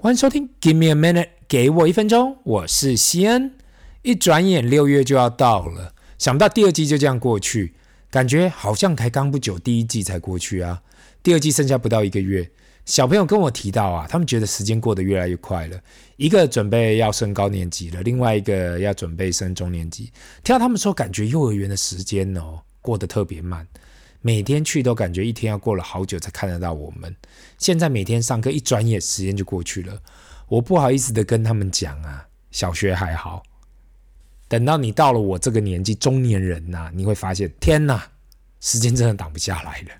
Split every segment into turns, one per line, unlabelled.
歡迎收聽《Give Me a Minute》，給我一分鐘，我是西恩。一轉眼六月就要到了，想不到第二季就這樣過去，感覺好像才剛不久，第一季才過去啊。第二季剩下不到一個月，小朋友跟我提到啊，他們覺得時間過得越來越快了。一個準備要升高年級了，另外一個要準備升中年級。聽到他們說，感覺幼兒園的時間哦過得特別慢。每天去都感覺一天要過了好久才看得到。我們現在每天上課，一轉眼時間就過去了。我不好意思的跟他們講啊，小學還好，等到你到了我這個年紀，中年人吶、啊，你會發現，天吶，時間真的擋不下來了。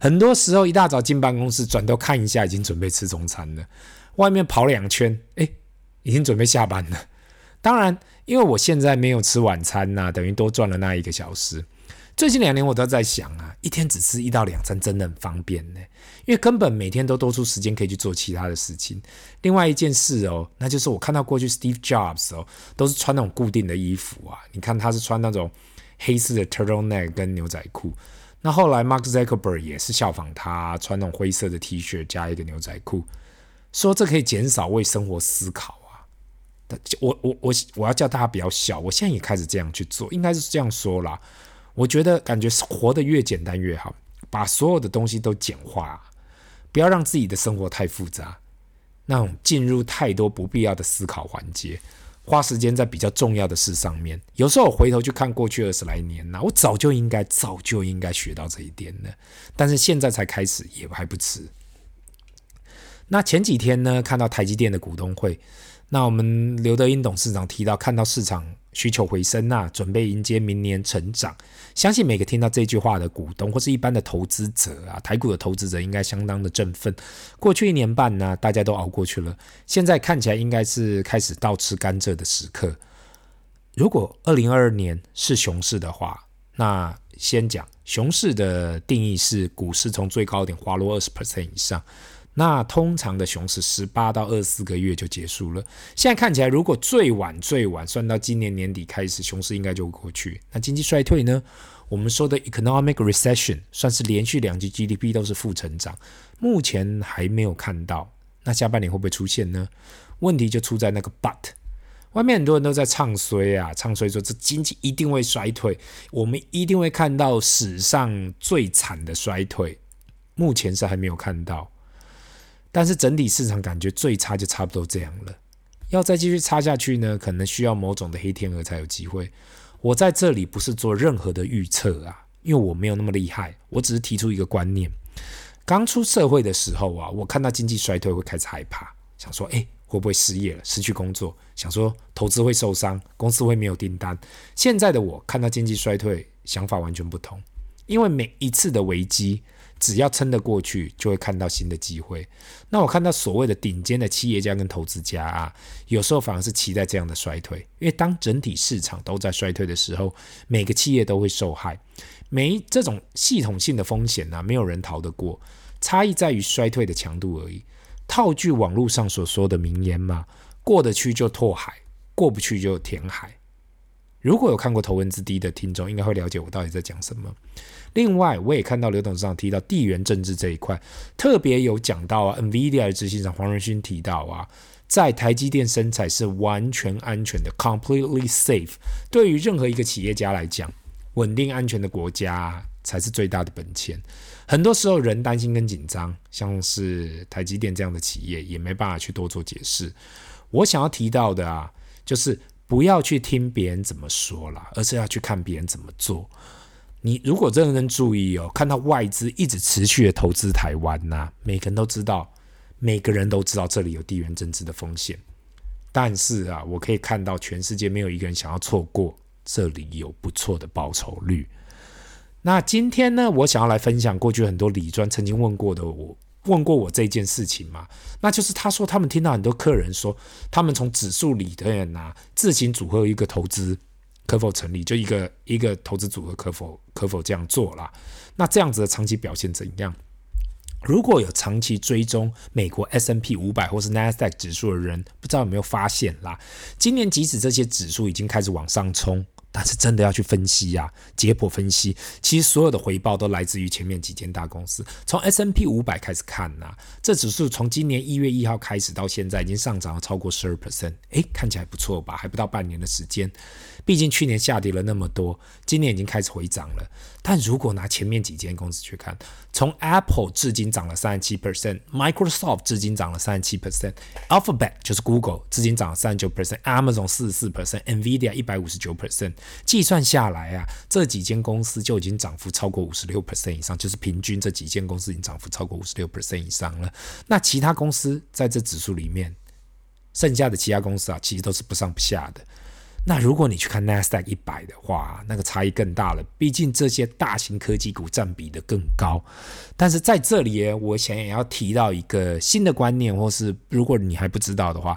很多時候一大早進辦公室，轉頭看一下，已經準備吃中餐了。外面跑兩圈，哎，已經準備下班了。當然，因為我現在沒有吃晚餐吶、啊，等於多賺了那一個小時。最近兩年，我都在想啊，一天只吃一到兩餐真的很方便呢，因為根本每天都多出時間可以去做其他的事情。另外一件事哦，那就是我看到過去 Steve Jobs 哦，都是穿那種固定的衣服啊。你看他是穿那種黑色的 Turtleneck 跟牛仔褲。那後來 Mark Zuckerberg 也是效仿他啊，穿那種灰色的 T 恤加一個牛仔褲，說這可以減少為生活思考啊。我我我我要叫大家不要笑，我現在也開始這樣去做，應該是這樣說啦。我覺得感覺活得越簡單越好，把所有的東西都簡化，不要讓自己的生活太複雜，那種進入太多不必要的思考環節，花時間在比較重要的事上面。有時候我回頭去看過去二十來年呢，我早就應該，早就應該學到這一點了，但是現在才開始也還不遲。那前幾天呢，看到台積電的股東會。那我們劉德英董事長提到，看到市場需求回升啊，那準備迎接明年成長。相信每個聽到這句話的股東或是一般的投資者啊，台股的投資者應該相當的振奮。過去一年半呢，大家都熬過去了，現在看起來應該是開始倒吃甘蔗的時刻。如果二零二二年是熊市的話，那先講熊市的定義是股市從最高點滑落二十 percent 以上。那通常的熊市十八到二十四個月就結束了。現在看起來，如果最晚最晚算到今年年底開始，熊市應該就過去。那經濟衰退呢？我們說的 economic recession 算是連續兩季 GDP 都是負成長，目前還沒有看到。那下半年會不會出現呢？問題就出在那個 but。外面很多人都在唱衰啊，唱衰說這經濟一定會衰退，我們一定會看到史上最慘的衰退。目前是還沒有看到。但是整體市場感覺最差就差不多這樣了。要再繼續差下去呢，可能需要某種的黑天鵝才有機會。我在這裡不是做任何的預測啊，因為我沒有那麼厲害。我只是提出一個觀念。剛出社會的時候啊，我看到經濟衰退會開始害怕，想說，誒，會不會失業了，失去工作，想說投資會受傷，公司會沒有訂單。現在的我看到經濟衰退，想法完全不同。因為每一次的危機，只要撐得過去，就會看到新的機會。那我看到所謂的頂尖的企業家跟投資家啊，有時候反而是期待這樣的衰退，因為當整體市場都在衰退的時候，每個企業都會受害，每一這種系統性的風險呢、啊，沒有人逃得過，差異在於衰退的強度而已。套句網絡上所說的名言嘛，過得去就拓海，過不去就填海。如果有看過《頭文字 D》的聽眾，應該會了解我到底在講什麼。另外，我也看到劉董事長提到地緣政治這一塊，特別有講到啊，NVIDIA 的執行長黃仁勳提到啊，在台積電生產是完全安全的，completely safe。對於任何一個企業家來講，穩定安全的國家才是最大的本錢。很多時候人擔心跟緊張，像是台積電這樣的企業也沒辦法去多做解釋。我想要提到的啊，就是。不要去聽別人怎麼說啦，而是要去看別人怎麼做。你如果認真注意哦，看到外資一直持續的投資台灣吶、啊，每個人都知道，每個人都知道這裡有地緣政治的風險。但是啊，我可以看到全世界沒有一個人想要錯過這裡有不錯的報酬率。那今天呢，我想要來分享過去很多理專曾經問過的我。問過我這件事情嗎？那就是他說他們聽到很多客人說，他們從指數裡的人拿、啊、自行組合一個投資，可否成立？就一個一個投資組合可否可否這樣做啦。那這樣子的長期表現怎樣？如果有長期追蹤美國 S&P 五百或是 NASDAQ 指數的人，不知道有沒有發現啦？今年即使這些指數已經開始往上衝。但是真的要去分析呀、啊，解剖分析，其實所有的回報都來自於前面幾間大公司。從 S&P 五百開始看吶、啊，這指數從今年一月一號開始到現在，已經上漲了超過十二 percent。哎，看起來不錯吧？還不到半年的時間，畢竟去年下跌了那麼多，今年已經開始回漲了。但如果拿前面幾間公司去看，從 Apple 至今漲了三十七 percent，Microsoft 至今漲了三十七 percent，Alphabet 就是 Google 至今漲了三十九 percent，Amazon 四十四 percent，Nvidia 一百五十九 percent。計算下來啊，這幾間公司就已經漲幅超過五十六 percent 以上，就是平均這幾間公司已經漲幅超過五十六 percent 以上了。那其他公司在這指數裡面，剩下的其他公司啊，其實都是不上不下的。那如果你去看納斯達克一百的話，那個差異更大了，畢竟這些大型科技股佔比的更高。但是在這裡，我想也要提到一個新的觀念，或是如果你還不知道的話。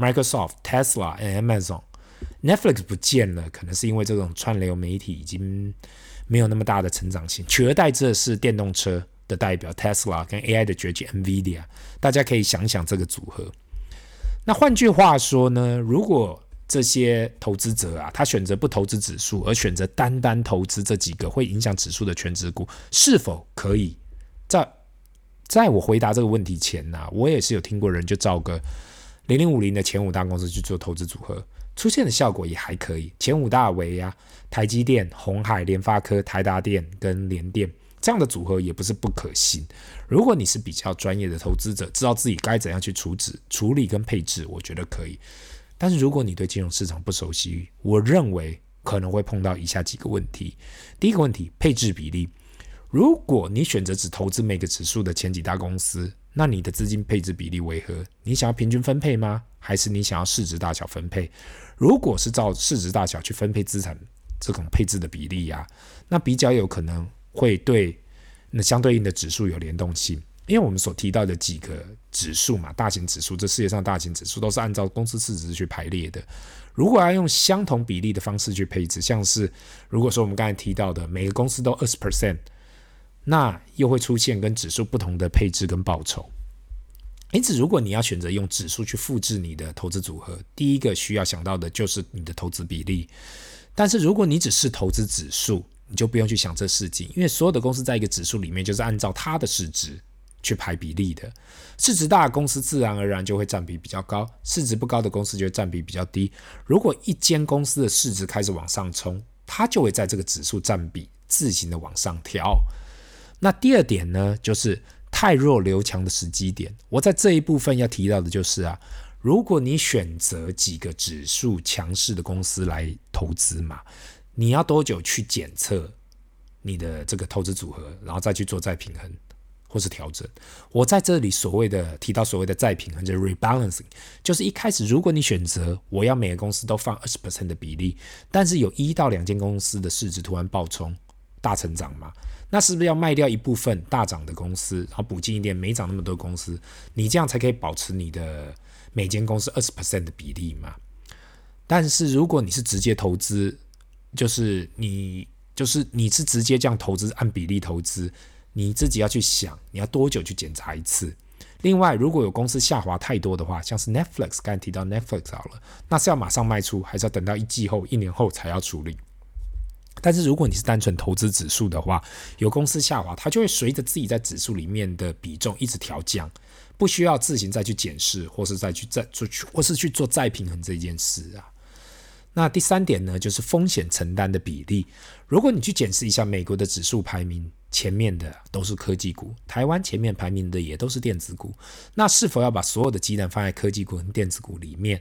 Microsoft、Tesla and Amazon、Netflix 不見了，可能是因為這種串流媒體已經沒有那麼大的成長性，取而代之的是電動車的代表 Tesla 跟 AI 的崛起 Nvidia。大家可以想想這個組合。那換句話說呢，如果這些投資者啊，他選擇不投資指數，而選擇單單投資這幾個會影響指數的權值股，是否可以。在在我回答這個問題前呢、啊，我也是有聽過人就造個。零零五零的前五大公司去做投資組合，出現的效果也還可以。前五大為呀、啊，台積電、鴻海、聯發科、台達電跟聯電，這樣的組合也不是不可行。如果你是比較專業的投資者，知道自己該怎樣去處置、處理跟配置，我覺得可以。但是如果你對金融市場不熟悉，我認為可能會碰到以下幾個問題。第一個問題，配置比例。如果你選擇只投資每個指數的前幾大公司，那你的資金配置比例為何？你想要平均分配嗎？還是你想要市值大小分配？如果是照市值大小去分配資產，這種配置的比例呀，那比較有可能會對那相對應的指數有聯動性，因為我們所提到的幾個指數嘛，大型指數，這世界上大型指數都是按照公司市值去排列的。如果要用相同比例的方式去配置，像是如果說我們剛才提到的，每個公司都二十 percent。那又會出現跟指數不同的配置跟報酬，因此，如果你要選擇用指數去複製你的投資組合，第一個需要想到的就是你的投資比例。但是，如果你只是投資指數，你就不用去想這事情，因為所有的公司在一個指數裡面就是按照它的市值去排比例的。市值大的公司自然而然就會占比比較高，市值不高的公司就會占比比較低。如果一間公司的市值開始往上衝，它就會在這個指數占比自行的往上調。那第二點呢，就是汰弱留強的時機點。我在這一部分要提到的就是啊，如果你選擇幾個指數強勢的公司來投資嘛，你要多久去檢測你的這個投資組合，然後再去做再平衡或是調整？我在這裡所謂的提到所謂的再平衡，就是 rebalancing，就是一開始如果你選擇我要每個公司都放二十%的比例，但是有一到兩間公司的市值突然暴衝。大成長嘛，那是不是要賣掉一部分大漲的公司，然後補進一點沒漲那麼多公司，你這樣才可以保持你的每間公司二十 percent 的比例嘛？但是如果你是直接投資，就是你就是你是直接這樣投資，按比例投資，你自己要去想你要多久去檢查一次。另外，如果有公司下滑太多的話，像是 Netflix，剛才提到 Netflix 好了，那是要馬上賣出，還是要等到一季後、一年後才要處理？但是如果你是單純投資指數的話，有公司下滑，它就會隨着自己在指數裡面的比重一直調降，不需要自行再去檢視或是再去再做去或是去做再平衡這件事啊。那第三點呢，就是風險承擔的比例。如果你去檢視一下美國的指數排名，前面的都是科技股；台灣前面排名的也都是電子股。那是否要把所有的雞蛋放在科技股跟電子股裡面？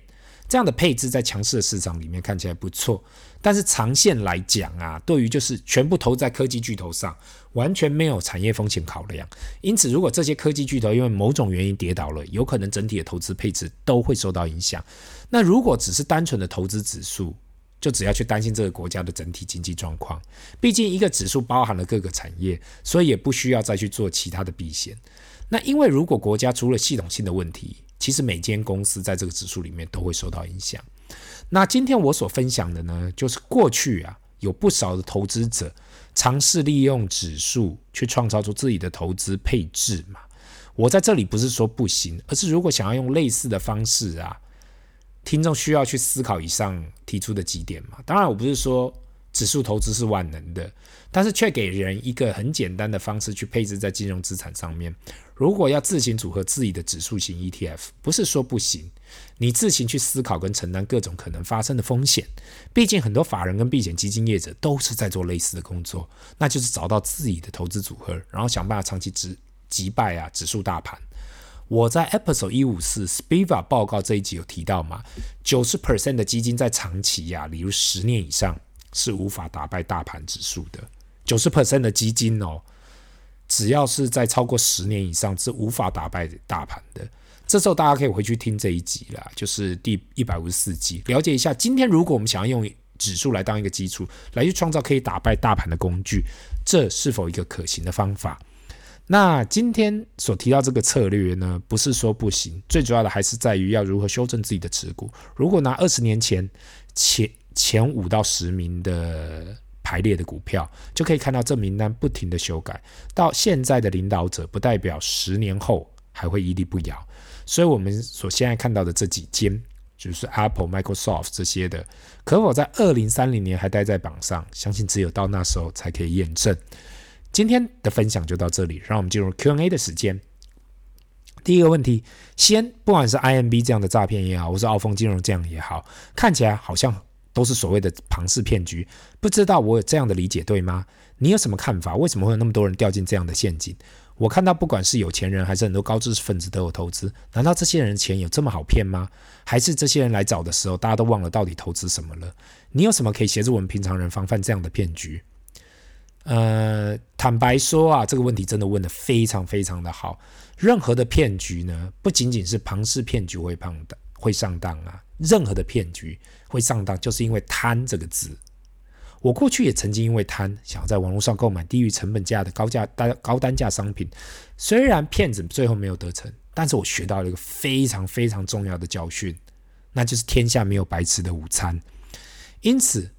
這樣的配置在強勢的市場裡面看起來不錯，但是長線來講啊，對於就是全部投在科技巨頭上，完全沒有產業風險考量。因此，如果這些科技巨頭因為某種原因跌倒了，有可能整體的投資配置都會受到影響。那如果只是單純的投資指數，就只要去擔心這個國家的整體經濟狀況。畢竟一個指數包含了各個產業，所以也不需要再去做其他的避險。那因為如果國家出了系統性的問題，其實每間公司在這個指數裡面都會受到影響。那今天我所分享的呢，就是過去啊，有不少的投資者嘗試利用指數去創造出自己的投資配置嘛。我在這裡不是說不行，而是如果想要用類似的方式啊，聽眾需要去思考以上提出的幾點嘛。當然我不是說。指數投資是萬能的，但是卻給人一個很簡單的方式去配置在金融資產上面。如果要自行組合自己的指數型 ETF，不是說不行，你自行去思考跟承擔各種可能發生的風險。畢竟很多法人跟避險基金業者都是在做類似的工作，那就是找到自己的投資組合，然後想辦法長期值擊敗啊指數大盤。我在 Episode 一五四 Spiva 報告這一集有提到嘛，九十 percent 的基金在長期呀、啊，例如十年以上。是無法打敗大盤指數的90，九十 percent 的基金哦，只要是在超過十年以上，是無法打敗大盤的。這時候大家可以回去聽這一集啦，就是第一百五十四集，了解一下。今天如果我們想要用指數來當一個基礎，來去創造可以打敗大盤的工具，這是否一個可行的方法？那今天所提到這個策略呢，不是說不行，最主要的還是在於要如何修正自己的持股。如果拿二十年前前前五到十名的排列的股票，就可以看到這名單不停的修改。到現在的領導者，不代表十年後還會屹立不搖。所以，我們所現在看到的這幾間，就是 Apple、Microsoft 這些的，可否在二零三零年還待在榜上？相信只有到那時候才可以驗證。今天的分享就到這裡，讓我們進入 Q&A 的時間。第一個問題，先不管是 IMB 這樣的詐騙也好，或是澳豐金融這樣也好，看起來好像。都是所謂的龐氏騙局，不知道我有這樣的理解對嗎？你有什麼看法？為什麼會有那麼多人掉進這樣的陷阱？我看到不管是有錢人還是很多高知識分子都有投資，難道這些人的錢有這麼好騙嗎？還是這些人來找的時候，大家都忘了到底投資什麼了？你有什麼可以協助我們平常人防範這樣的騙局？呃，坦白說啊，這個問題真的問得非常非常的好。任何的騙局呢，不僅僅是龐氏騙局會碰，的會上當啊。任何的騙局會上當，就是因為貪這個字。我過去也曾經因為貪，想要在網絡上購買低於成本價的高價單高單價商品。雖然騙子最後沒有得逞，但是我學到了一個非常非常重要的教訓，那就是天下沒有白吃的午餐。因此，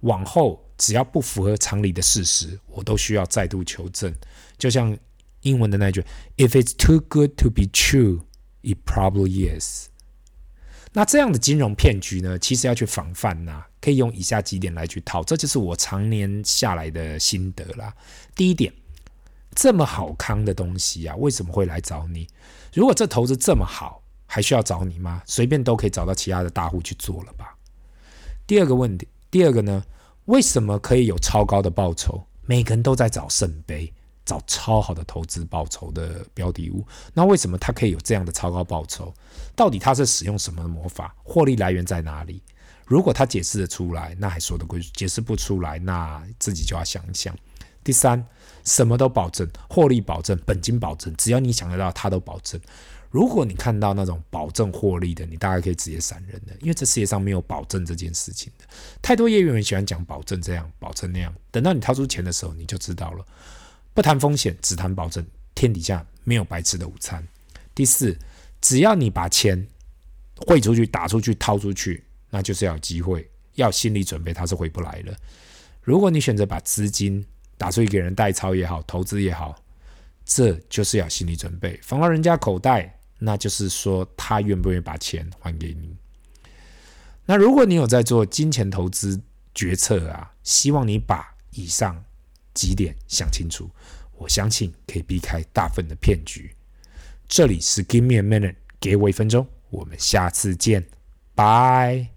往後只要不符合常理的事實，我都需要再度求證。就像英文的那句 “If it's too good to be true, it probably is.” 那這樣的金融騙局呢，其實要去防範吶、啊，可以用以下幾點來去套，這就是我常年下來的心得啦。第一點，這麼好康的東西啊，為什麼會來找你？如果這投資這麼好，還需要找你嗎？隨便都可以找到其他的大戶去做了吧。第二個問題，第二個呢，為什麼可以有超高的報酬？每個人都在找聖杯。找超好的投資報酬的標的物，那為什麼他可以有這樣的超高報酬？到底他是使用什麼魔法？獲利來源在哪裡？如果他解釋得出來，那還說得過去；解釋不出來，那自己就要想一想。第三，什麼都保證，獲利保證，本金保證，只要你想得到，他都保證。如果你看到那種保證獲利的，你大概可以直接閃人的，因為這世界上沒有保證這件事情的。太多業務員很喜歡講保證這樣，保證那樣，等到你掏出錢的時候，你就知道了。不談風險，只談保證。天底下沒有白吃的午餐。第四，只要你把錢匯出去、打出去、掏出去，那就是要有機會，要心理準備，他是回不來的。如果你選擇把資金打出去給人代操也好，投資也好，這就是要心理準備，放到人家口袋，那就是說他願不願意把錢還給你。那如果你有在做金錢投資決策啊，希望你把以上。幾點想清楚，我相信可以避開大部分的騙局。這裡是 Give me a minute，給我一分鐘，我們下次見，拜。